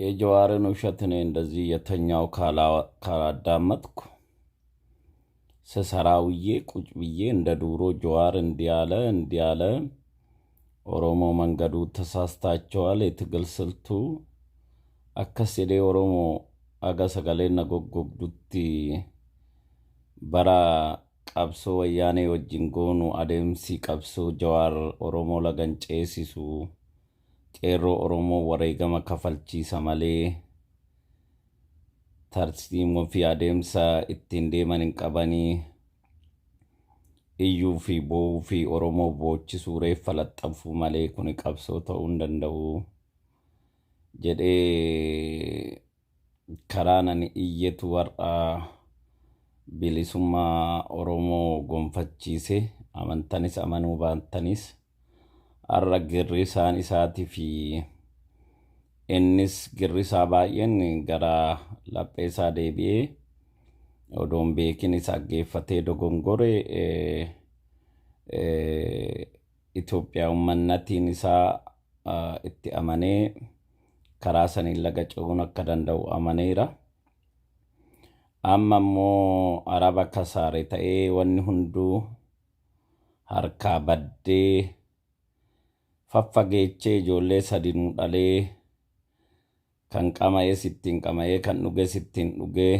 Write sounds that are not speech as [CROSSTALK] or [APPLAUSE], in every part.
የጀዋርን ውሸት እኔ እንደዚህ የተኛው ካላዳመጥኩ ስሰራውዬ ቁጭ ብዬ እንደ ዱሮ ጀዋር እንዲያለ እንዲያለ ኦሮሞ መንገዱ ተሳስታቸዋል። የትግል ስልቱ አከሴዴ ኦሮሞ አገሰገሌ ጎጎጉዱቲ በራ ቀብሶ ወያኔ ወጅንጎኑ አደምሲ ቀብሶ ጀዋር ኦሮሞ ለገንጨ ሲሱ! Qeerroo Oromoo wareegama kafalchiisa malee tartiibuma fi adeemsa ittiin deeman hin qabanii iyyuu fi Bo'uu fi Oromoo bochisuu reeffa laxxanfuu malee kuni qabsoo ta'uu hin danda'u jedhee karaa nani iyyetu warra bilisummaa Oromoo gonfachiise amantanis amanuu baatanis. har'a isaan isaatii fi innis girrisaa baay'een gara laphee isaa deebi'ee odoon beekinis aggeeffatee dogongore Itoophiyaa uummannatiin isaa itti amanee karaa saniin laga ce'uun akka danda'u amaneera. Amma immoo araba kasaare ta'ee wanni hunduu harkaa baddee faffageechee ijoollee sadinuu dhalee kan qamayees sittiin qamayee kan dhugee sittiin dhugee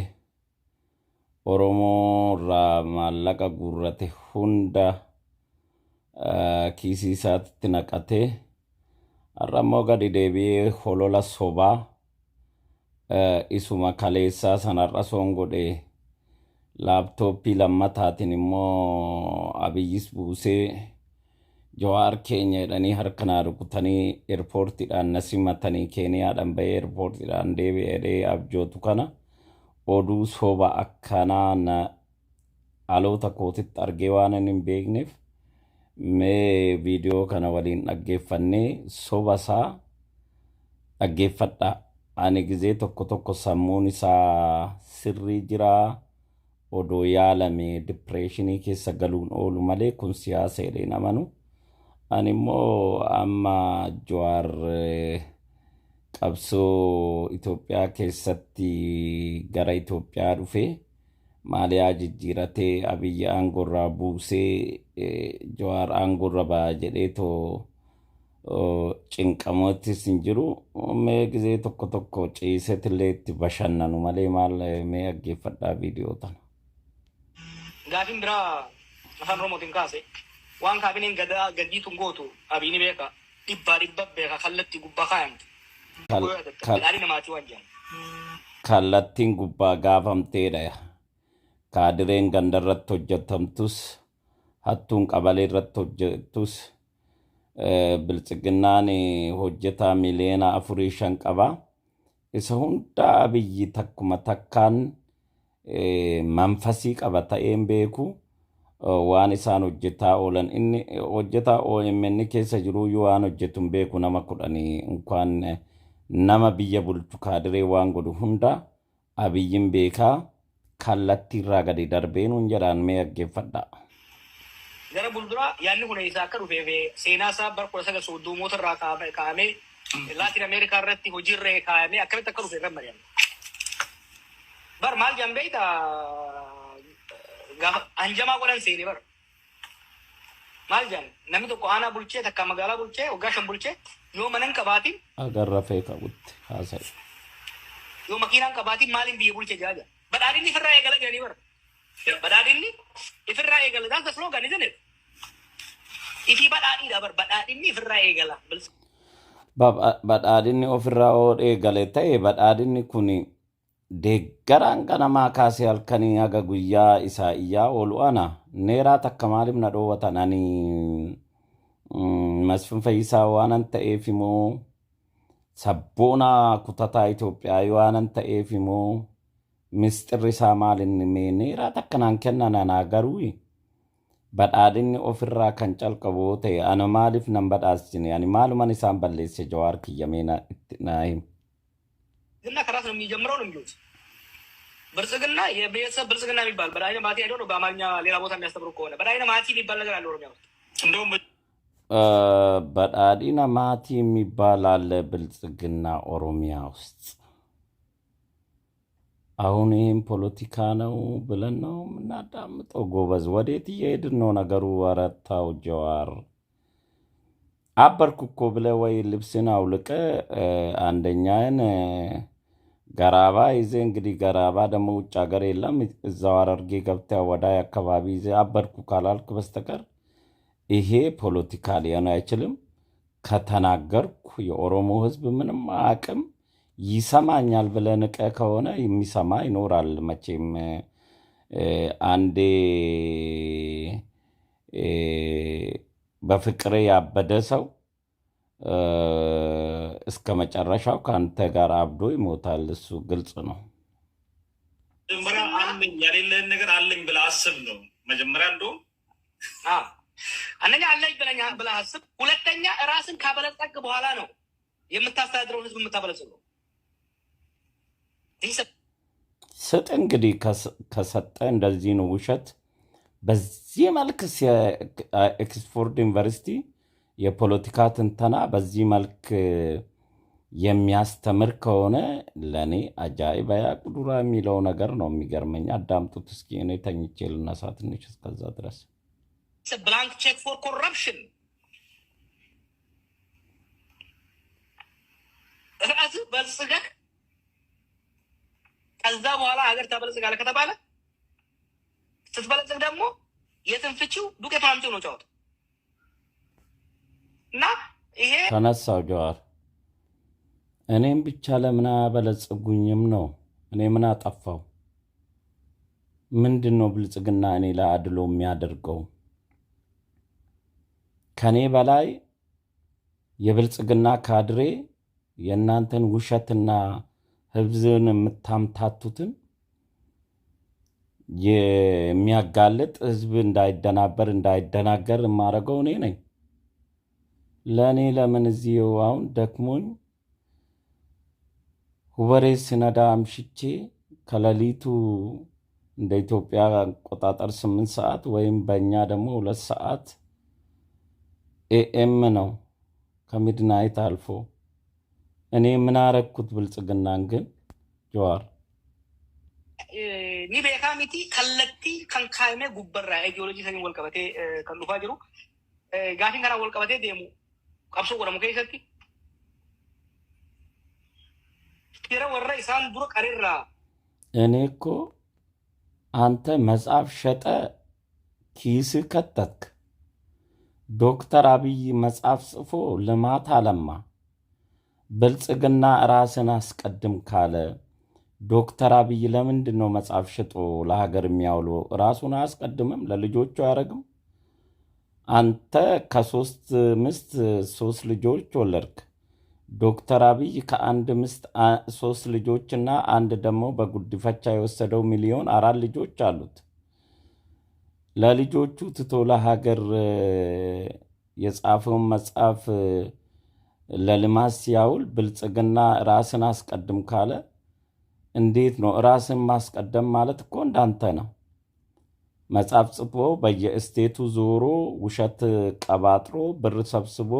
Oromoo irraa maallaqa guurrate hunda kiisii isaatti naqate har'a immoo gadi deebi'ee holola sobaa isuma kaleessaa sanarra soon godhe laaptooppii lammataatiin immoo abiyyis buusee. Jawaar keenya jedhanii harkanaa rukutanii eerpoortiidhaan na simatanii keeniyaadhaan bahee eerpoortiidhaan deebi'ee abjootu kana oduu sooba akkanaa na dhaloota kootitti argee waan hin beekneef mee viidiyoo kana waliin dhaggeeffannee soba isaa dhaggeeffadha. Ani gizee tokko tokko sammuun isaa sirrii jiraa odoo yaalame dipireeshinii keessa galuun oolu malee kun siyaasa jedhee namanu. ani immoo amma Jawaar qabsoo Itoophiyaa keessatti gara Itoophiyaa dhufee maaliyaa jijjiiratee abiyyi aangorraa buusee Jawaar aangorra ba'a jedhee too cinqamoottis hin jiru mee gizee tokko tokko ciisetillee itti bashannanu malee maal mee dhaggeeffadhaa viidiyoo tana. Gaafin biraa afaan Oromootiin kaase waan kaabineen gadaa gaddiituun gootu abiini beeka dhibbaa dhibba beeka kallatti gubbaa kaayamte. Dhaali namaati waan jedhan. Kallattiin gubbaa gaafamteedha. Kaadireen ganda irratti hojjetamtus hattuun qabalee irratti hojjetus biltsiginnaan hojjetaa miliyoona afurii shan qaba. Isa hundaa biyyi takkuma takkaan manfasii qaba ta'een beeku. waan isaan hojjetaa oolan inni hojjetaa OMN keessa yoo waan hojjetuun beeku nama kudhanii inkaan nama biyya bulchu kaadiree waan godhu hunda abiyyin beekaa kallattii irraa gadi darbeenuun jedhaan mee aggeeffadha. Gara bulduraa yaalli isaa akka dhufee fi seenaa isaa bara kudha sagal sooddomoota irraa kaa'amee laatiin ameerikaa irratti hojiirra kaa'amee akkamitti akka dhufee kan mari'anne. Bar maal jambeeyta hanjamaa godhan seenee bara. Maal jedhan namni tokko aanaa bulchee takka magaalaa bulchee waggaa shan bulchee yoo mana hin qabaatin. Agarra feeta guutte haasa'e. Yoo makiinaa hin qabaatin maaliin biyya bulchee jaaja. Badhaadinni ifirraa eegala jedhanii bara. Badhaadinni ifirraa eegala daansa sloogaan isin jedhu. Ifii badhaadhiidha bara badhaadinni ifirraa eegala. Badhaadinni ofirraa eegale ta'e badhaadinni kuni Deeggaraan qanamaa kaasee halkanii haga guyyaa isaa iyyaa oolu ana neeraa takka maaliif na dhoowwatan ani masfin fayyisaa waanan ta'eef immoo sabboona kutataa Itoophiyaa waanan ta'eef immoo misxirri isaa maal inni mee neeraa takka naan kennan anaa garuu badhaadhinni ofirraa kan calqaboo ta'e ana maaliif nan badhaasine ani maaluman isaan balleesse jawaar kiyyamee na itti naa him እና ከራስ ነው የሚጀምረው ነው የሚሉት ብልጽግና የቤተሰብ ብልጽግና የሚባል በዳይነ ማቲ አይደ ነው። በአማርኛ ሌላ ቦታ የሚያስተምሩ ከሆነ በዳይነ ማቲ የሚባል ነገር አለ። ኦሮሚያ ውስጥ እንደውም በዳዲና ማቲ የሚባል አለ ብልጽግና ኦሮሚያ ውስጥ። አሁን ይህም ፖለቲካ ነው ብለን ነው የምናዳምጠው። ጎበዝ፣ ወዴት እየሄድን ነው ነገሩ? ወረታው ጀዋር አበርኩ እኮ ብለህ ወይ ልብስን አውልቀ አንደኛን ገራባ ይዜ እንግዲህ ገራባ ደግሞ ውጭ ሀገር የለም። እዛው አረርጌ ገብተህ ወዳይ አካባቢ ይዜ አበድኩ ካላልክ በስተቀር ይሄ ፖለቲካ ሊሆን አይችልም። ከተናገርኩ የኦሮሞ ህዝብ ምንም አቅም ይሰማኛል ብለህ ንቀህ ከሆነ የሚሰማ ይኖራል። መቼም አንዴ በፍቅሬ ያበደ ሰው እስከ መጨረሻው ከአንተ ጋር አብዶ ይሞታል። እሱ ግልጽ ነው። መጀመሪያ አለኝ የሌለህን ነገር አለኝ ብለህ አስብ ነው መጀመሪያ። እንደውም አንደኛ አለኝ ብለህ አስብ፣ ሁለተኛ ራስን ካበለጸግ በኋላ ነው የምታስተዳድረውን ህዝብ የምታበለጽገው። ስጥ እንግዲህ ከሰጠ እንደዚህ ነው ውሸት በዚህ መልክ ኤክስፎርድ ዩኒቨርሲቲ የፖለቲካ ትንተና በዚህ መልክ የሚያስተምር ከሆነ ለእኔ አጃኢብ ያቁዱራ የሚለው ነገር ነው የሚገርመኝ። አዳምጡት እስኪ። እኔ ተኝቼ ልነሳ ትንሽ። እስከዛ ድረስ ብላንክ ቼክ ፎር ኮረፕሽን ራስህ በልጽገህ ከዛ በኋላ ሀገር ተበለጽጋለህ ከተባለ ስትበለጽግ ደግሞ የትንፍቺው ዱቄት አምጪው ነው ጨዋታው። እና ይሄ ተነሳ ጀዋር እኔም ብቻ ለምን አያበለጽጉኝም ነው? እኔ ምን አጠፋው? ምንድን ነው ብልጽግና እኔ ላይ አድሎ የሚያደርገው? ከእኔ በላይ የብልጽግና ካድሬ የእናንተን ውሸትና ህዝብን የምታምታቱትን የሚያጋልጥ ህዝብ እንዳይደናበር እንዳይደናገር የማደርገው እኔ ነኝ። ለእኔ ለምን እዚህ አሁን ደክሞኝ ሁበሬ ስነዳ አምሽቼ ከሌሊቱ እንደ ኢትዮጵያ አቆጣጠር ስምንት ሰዓት ወይም በእኛ ደግሞ ሁለት ሰዓት ኤኤም ነው ከሚድናይት አልፎ እኔ ምን አረግኩት? ብልጽግናን ግን ጀዋር ኒቤካ ሚቲ ከለቲ ከንካይሜ ጉበራ ኢዲዮሎጂ ሰኝ ወልቀበቴ ከሉፋ ጅሩ ጋፊን ከራ ወልቀበቴ ደሙ qabsoo godhamu keessatti ira warra isaan dura qarirraa እኔ እኮ አንተ መጽሐፍ ሸጠ ኪስ ከተትክ። ዶክተር አብይ መጽሐፍ ጽፎ ልማት አለማ ብልጽግና ራስን አስቀድም ካለ ዶክተር አብይ ለምንድን ነው መጽሐፍ ሽጦ ለሀገር የሚያውሉ ራሱን አያስቀድምም? ለልጆቹ አያደርግም? አንተ ከሶስት ሚስት ሶስት ልጆች ወለድክ። ዶክተር አብይ ከአንድ ሚስት ሶስት ልጆች እና አንድ ደግሞ በጉድፈቻ የወሰደው ሚሊዮን አራት ልጆች አሉት። ለልጆቹ ትቶ ለሀገር የጻፈውን መጽሐፍ ለልማት ሲያውል ብልጽግና ራስን አስቀድም ካለ እንዴት ነው? ራስን ማስቀደም ማለት እኮ እንዳንተ ነው። መጽሐፍ ጽፎ በየእስቴቱ ዞሮ ውሸት ቀባጥሮ ብር ሰብስቦ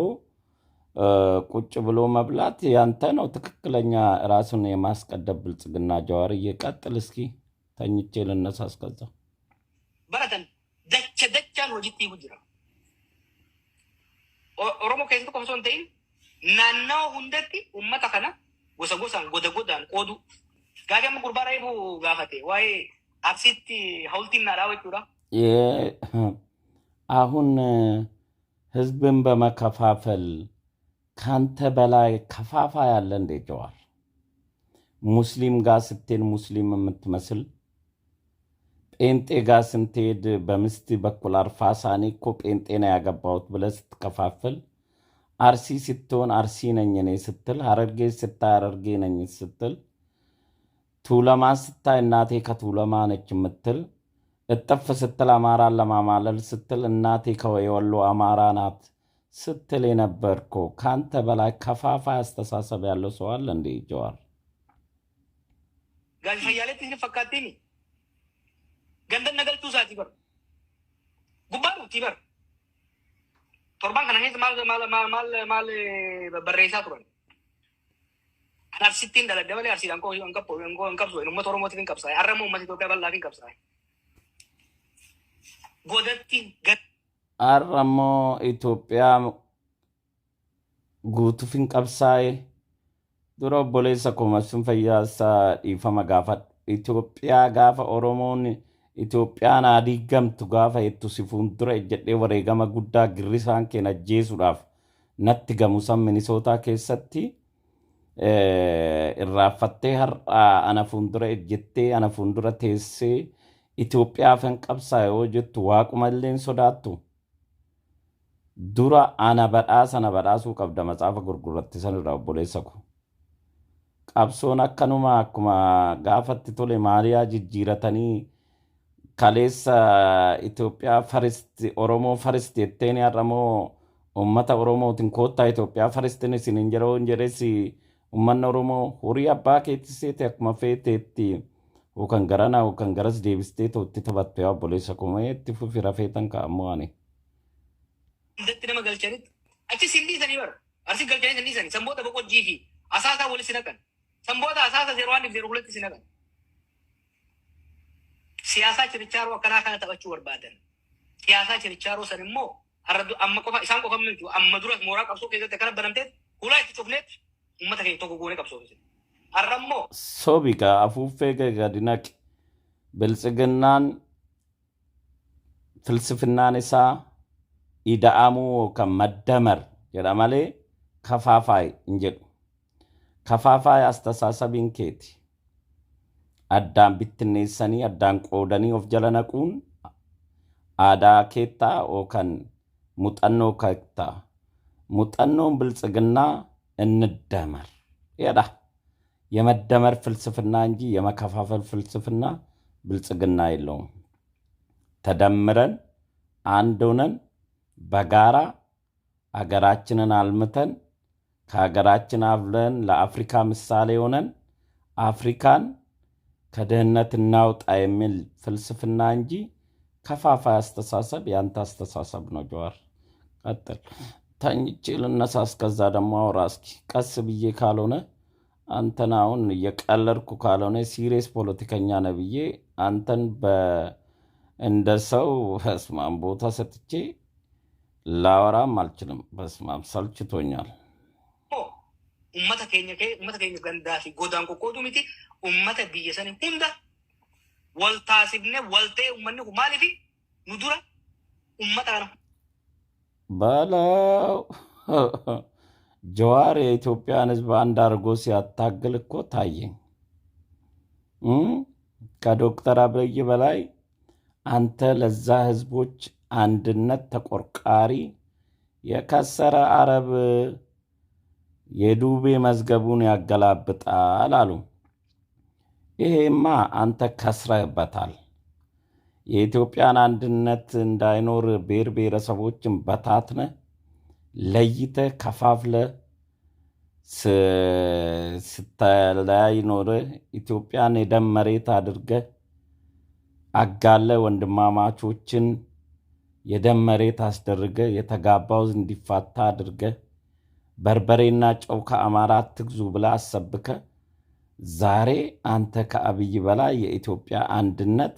ቁጭ ብሎ መብላት ያንተ ነው። ትክክለኛ ራስን የማስቀደብ ብልጽግና። ጀዋር እየቀጥል እስኪ፣ ተኝቼ ልነሳ አስከዛ በረተን ደቸ ደቻን ኦሮሞ ከዚ ናናው ሁንደቲ ኡመታ ከና ጎሰጎሳን ጎደጎዳን ቆዱ ጋፈቴ ዋይ አብሴት ሀውልቲና ራወች አሁን ህዝብን በመከፋፈል ካንተ በላይ ከፋፋ ያለ እንዴ? ጀዋር ሙስሊም ጋር ስትሄድ ሙስሊም የምትመስል ጴንጤ ጋር ስንትሄድ በምስት በኩል አርፋ ሳኔ እኮ ጴንጤ ነው ያገባሁት ብለ ስትከፋፍል፣ አርሲ ስትሆን አርሲ ነኝ እኔ ስትል፣ ሀረርጌ ስታ ሀረርጌ ነኝ ስትል ቱለማ ስታይ እናቴ ከቱለማ ነች የምትል እጥፍ ስትል አማራን ለማማለል ስትል እናቴ ከወሎ አማራ ናት ስትል የነበርኩ ከአንተ በላይ ከፋፋ አስተሳሰብ ያለው ሰው አለ እንዴ? ጀዋር ገንደን Anaaf sittiin daladda malee arsiidhaan koo hin qabdu hin qabdu uummata Oromootiin hin qabsaa'e har'ammoo uummata Itoophiyaa bal'aaf hin qabsaa'e. Godatti har'ammoo Itoophiyaa guutuuf hin qabsaa'e dura obboleessa koomasiin fayyaasaa dhiifama gaafadha. Itoophiyaa gaafa Oromoon Itoophiyaan tu gaafa itu si fuuldura jedhee girisan kena girrisaan keenya ajjeesuudhaaf natti menisota Minisootaa keessatti. irraaffattee har'aa ana fuuldura ejjettee ana fuuldura teessee Itoophiyaa afan qabsaa yoo jettu waaquma waaqumalleen sodaattu dura ana badhaasa ana badhaasuu qabda macaafa gurgurratti sanirraa obboleessa ku. Qabsoon akkanuma akkuma gaafatti tole maaliyaa jijjiiratanii kaleessa Itoophiyaa faristi Oromoo faristi jettee har'a moo uummata Oromootiin koottaa Itoophiyaa faristiin isin hin jedhoo hin jedhes Uummanni Oromoo horii abbaa keetti seete akkuma feeteetti yookaan garanaa yookaan garas deebistee tootti taphattee obboleessa kumee itti fufi rafeetan ka'ammoo ani. Iddatti nama galchanitti achi sinniisanii bara arsi galchanii sinniisanii sanboota boqojjii fi asaasaa wali sinaqan sanboota asaasaa zeeroo handi zeeroo hulatti sinaqan. Siyaasaa chirichaaroo akkanaa kana taphachuu barbaadan siyaasaa chirichaaroo san immoo amma qofa isaan qofa miti amma duras mooraa qabsoo keessatti akkana banamteet hulaa itti cufneetti. uummata keenya tokko goone qabsoo keessatti. Har'ammoo. Soobika afuuffee gagadinaq biltsiginnaan filsifinnaan isaa ida'amuu kan maddamar jedha malee kafaafaayi hin jedhu. Kafaafaayi astasaasabiin keeti. Addaan bittinneessanii addaan qoodanii of jala naquun aadaa keettaa yookaan muuxannoo keettaa. Muuxannoon biltsiginnaa እንደመር የዳ የመደመር ፍልስፍና እንጂ የመከፋፈል ፍልስፍና ብልጽግና የለውም። ተደምረን አንድ ሆነን በጋራ አገራችንን አልምተን ከሀገራችን አብለን ለአፍሪካ ምሳሌ ሆነን አፍሪካን ከድህነት እናውጣ የሚል ፍልስፍና እንጂ ከፋፋይ አስተሳሰብ ያንተ አስተሳሰብ ነው። ጀዋር ቀጥል። ተኝቼ ልነሳ። እስከዛ ደግሞ አውራ እስኪ ቀስ ብዬ ካልሆነ አንተን አሁን እየቀለድኩ ካልሆነ ሲሪየስ ፖለቲከኛ ነህ ብዬ አንተን እንደ ሰው በስማም ቦታ ሰጥቼ ላወራም አልችልም። በስማም ሰልችቶኛል። ኡመተ ኬኛ ኬ ኡመተ ኬኛ ገንዳ ገንዳፊ ጎዳን ቆቆቱ ሚቲ ኡመተ ብየሰን ሁንዳ ወልታሲብነ ወልቴ ኡመኒ ማሊፊ ኑዱራ ኡመተ ነው በለው [LAUGHS] ጀዋር የኢትዮጵያን ህዝብ አንድ አድርጎ ሲያታግል እኮ ታየኝ። ከዶክተር አብይ በላይ አንተ ለዛ ህዝቦች አንድነት ተቆርቋሪ የከሰረ አረብ የዱቤ መዝገቡን ያገላብጣል አሉ። ይሄማ አንተ ከስረህበታል። የኢትዮጵያን አንድነት እንዳይኖር ብሔር ብሔረሰቦችን በታትነ ለይተ ከፋፍለ ስተለያይ ኖረ ኢትዮጵያን የደም መሬት አድርገ አጋለ ወንድማማቾችን የደም መሬት አስደርገ የተጋባው እንዲፋታ አድርገ በርበሬና ጨው ከአማራ ትግዙ ብላ አሰብከ። ዛሬ አንተ ከአብይ በላይ የኢትዮጵያ አንድነት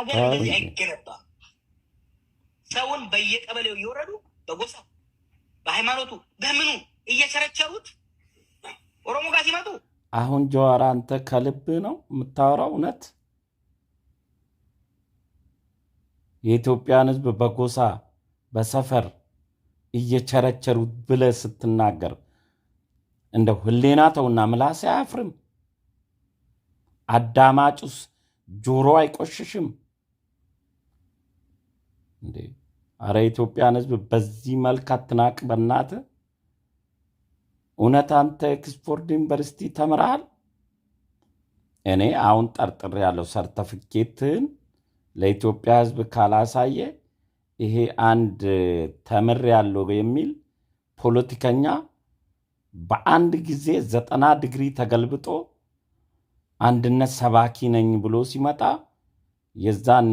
ሀገር እንደዚህ አይገነባም። ሰውን በየቀበሌው እየወረዱ በጎሳው፣ በሃይማኖቱ፣ በምኑ እየቸረቸሩት ኦሮሞ ጋር ሲመጡ አሁን ጀዋራ አንተ ከልብ ነው የምታወራው? እውነት የኢትዮጵያን ህዝብ በጎሳ በሰፈር እየቸረቸሩት ብለህ ስትናገር እንደው ህሌና ተውና ምላሴ አያፍርም? አዳማጩስ ጆሮ አይቆሽሽም? እንዴ አረ ኢትዮጵያን ህዝብ በዚህ መልክ አትናቅ በእናት። እውነት አንተ ኦክስፎርድ ዩኒቨርሲቲ ተምረሃል እኔ አሁን ጠርጥር ያለው ሰርተፍኬትህን ለኢትዮጵያ ህዝብ ካላሳየ ይሄ አንድ ተምር ያለው የሚል ፖለቲከኛ በአንድ ጊዜ ዘጠና ዲግሪ ተገልብጦ አንድነት ሰባኪ ነኝ ብሎ ሲመጣ የዛን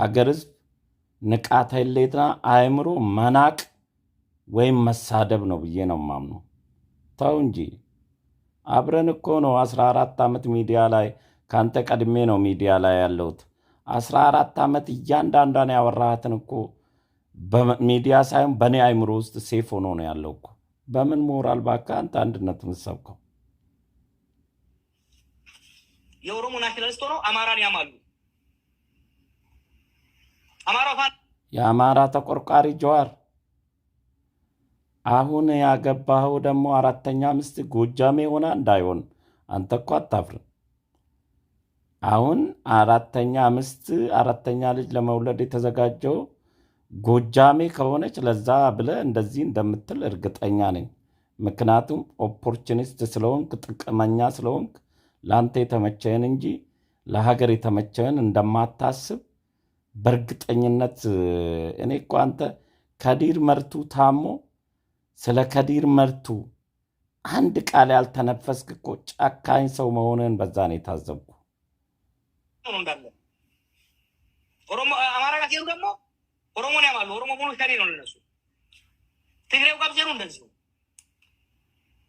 ሀገር ህዝብ ንቃተ ሕሊና አእምሮ መናቅ ወይም መሳደብ ነው ብዬ ነው ማምኑ። ተው እንጂ አብረን እኮ ነው አስራ አራት ዓመት ሚዲያ ላይ ከአንተ ቀድሜ ነው ሚዲያ ላይ ያለሁት። አስራ አራት ዓመት እያንዳንዷን ያወራሃትን እኮ በሚዲያ ሳይሆን በእኔ አእምሮ ውስጥ ሴፍ ሆኖ ነው ያለው እኮ። በምን ሞራል ባካ አንተ አንድነት ምሰብከው የኦሮሞ ናሽናሊስት ሆነው አማራን ያማሉ የአማራ ተቆርቋሪ ጀዋር አሁን ያገባኸው ደግሞ አራተኛ ሚስት ጎጃሜ ሆና እንዳይሆን አንተ እኮ አታፍር። አሁን አራተኛ ሚስት አራተኛ ልጅ ለመውለድ የተዘጋጀው ጎጃሜ ከሆነች ለዛ ብለ እንደዚህ እንደምትል እርግጠኛ ነኝ። ምክንያቱም ኦፖርቹኒስት ስለሆንክ፣ ጥቅመኛ ስለሆንክ ለአንተ የተመቸህን እንጂ ለሀገር የተመቸህን እንደማታስብ በእርግጠኝነት እኔ እኮ አንተ ከዲር መርቱ ታሞ ስለ ከዲር መርቱ አንድ ቃል ያልተነፈስክ እኮ ጨካኝ ሰው መሆንህን በዛ ነው የታዘብኩ። አማራ ጋር ሲሄዱ ደግሞ ኦሮሞን ያማሉ። ኦሮሞ ሙሉ ሸኔ ነው ለነሱ። ትግሬው ጋር ሲሄዱ እንደዚሁ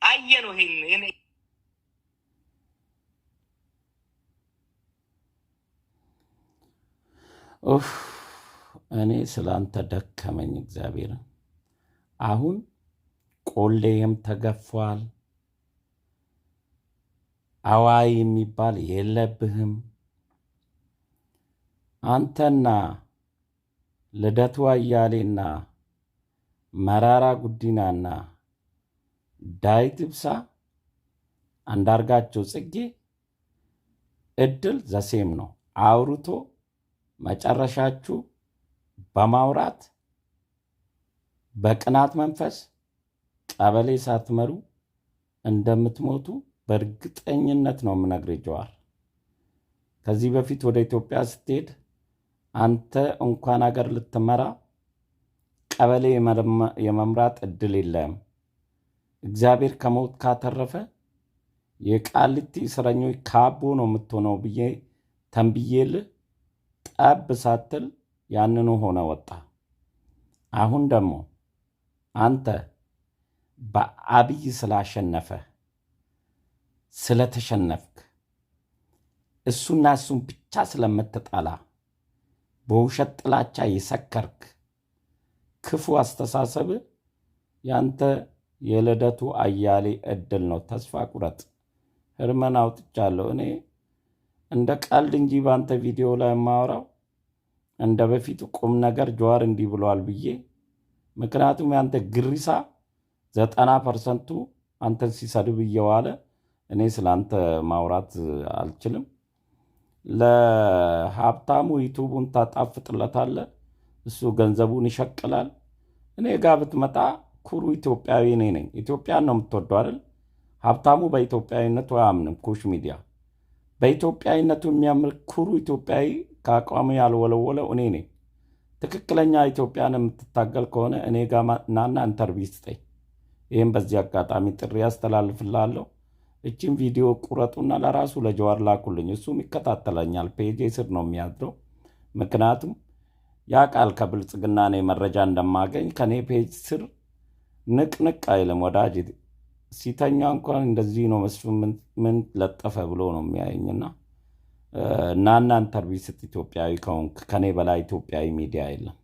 አየ ነው ይሄ ኡፍ እኔ ስላንተ ደከመኝ እግዚአብሔር አሁን ቆሌም ተገፏል፣ አዋይ የሚባል የለብህም። አንተና ልደቱ አያሌና መራራ ጉዲናና ዳዊት ትብሳ አንዳርጋቸው ጽጌ እድል ዘሴም ነው አውርቶ መጨረሻችሁ በማውራት በቅናት መንፈስ ቀበሌ ሳትመሩ እንደምትሞቱ በእርግጠኝነት ነው የምነግርህ ጀዋር። ከዚህ በፊት ወደ ኢትዮጵያ ስትሄድ አንተ እንኳን አገር ልትመራ ቀበሌ የመምራት እድል የለም። እግዚአብሔር ከሞት ካተረፈ የቃሊቲ እስረኞች ካቦ ነው የምትሆነው ብዬ ተንብዬልህ ጠብ ሳትል ያንኑ ሆነ ወጣ። አሁን ደግሞ አንተ በአብይ ስላሸነፈህ ስለተሸነፍክ እሱና እሱን ብቻ ስለምትጠላ በውሸት ጥላቻ የሰከርክ ክፉ አስተሳሰብ ያንተ የልደቱ አያሌ እድል ነው። ተስፋ ቁረጥ። ህርመን አውጥቻለሁ እኔ እንደ ቀልድ እንጂ በአንተ ቪዲዮ ላይ የማወራው እንደ በፊት ቁም ነገር ጀዋር እንዲህ ብለዋል ብዬ ምክንያቱም ያንተ ግሪሳ ዘጠና ፐርሰንቱ አንተን ሲሰድብ እየዋለ እኔ ስለ አንተ ማውራት አልችልም። ለሀብታሙ ዩቱቡን ታጣፍጥለታለ፣ እሱ ገንዘቡን ይሸቅላል። እኔ ጋ ብትመጣ ኩሩ ኢትዮጵያዊ እኔ ነኝ። ኢትዮጵያን ነው የምትወደው አይደል? ሀብታሙ በኢትዮጵያዊነቱ አያምንም። ኩሽ ሚዲያ በኢትዮጵያዊነቱ የሚያምር ኩሩ ኢትዮጵያዊ ከአቋሙ ያልወለወለው እኔ ነኝ። ትክክለኛ ኢትዮጵያን የምትታገል ከሆነ እኔ ጋ ናና ኢንተርቪው ስጠኝ። ይህም በዚህ አጋጣሚ ጥሪ ያስተላልፍላለሁ። እችን ቪዲዮ ቁረጡና ለራሱ ለጀዋር ላኩልኝ። እሱም ይከታተለኛል፣ ፔጄ ስር ነው የሚያድረው። ምክንያቱም ያ ቃል ከብልጽግና እኔ መረጃ እንደማገኝ ከእኔ ፔጅ ስር ንቅንቅ አይልም። ወዳጅ ሲተኛ እንኳን እንደዚህ ነው መስፍን ምን ለጠፈ ብሎ ነው የሚያየኝና እና እናንተርቪ ኢትዮጵያዊ ከሆንክ ከኔ በላይ ኢትዮጵያዊ ሚዲያ የለም።